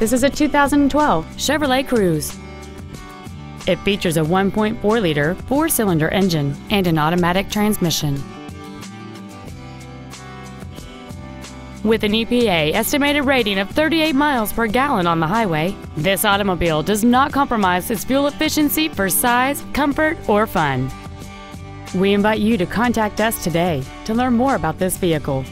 This is a 2012 Chevrolet Cruze. It features a 1.4-liter four-cylinder engine and an automatic transmission. With an EPA estimated rating of 38 miles per gallon on the highway, this automobile does not compromise its fuel efficiency for size, comfort, or fun. We invite you to contact us today to learn more about this vehicle.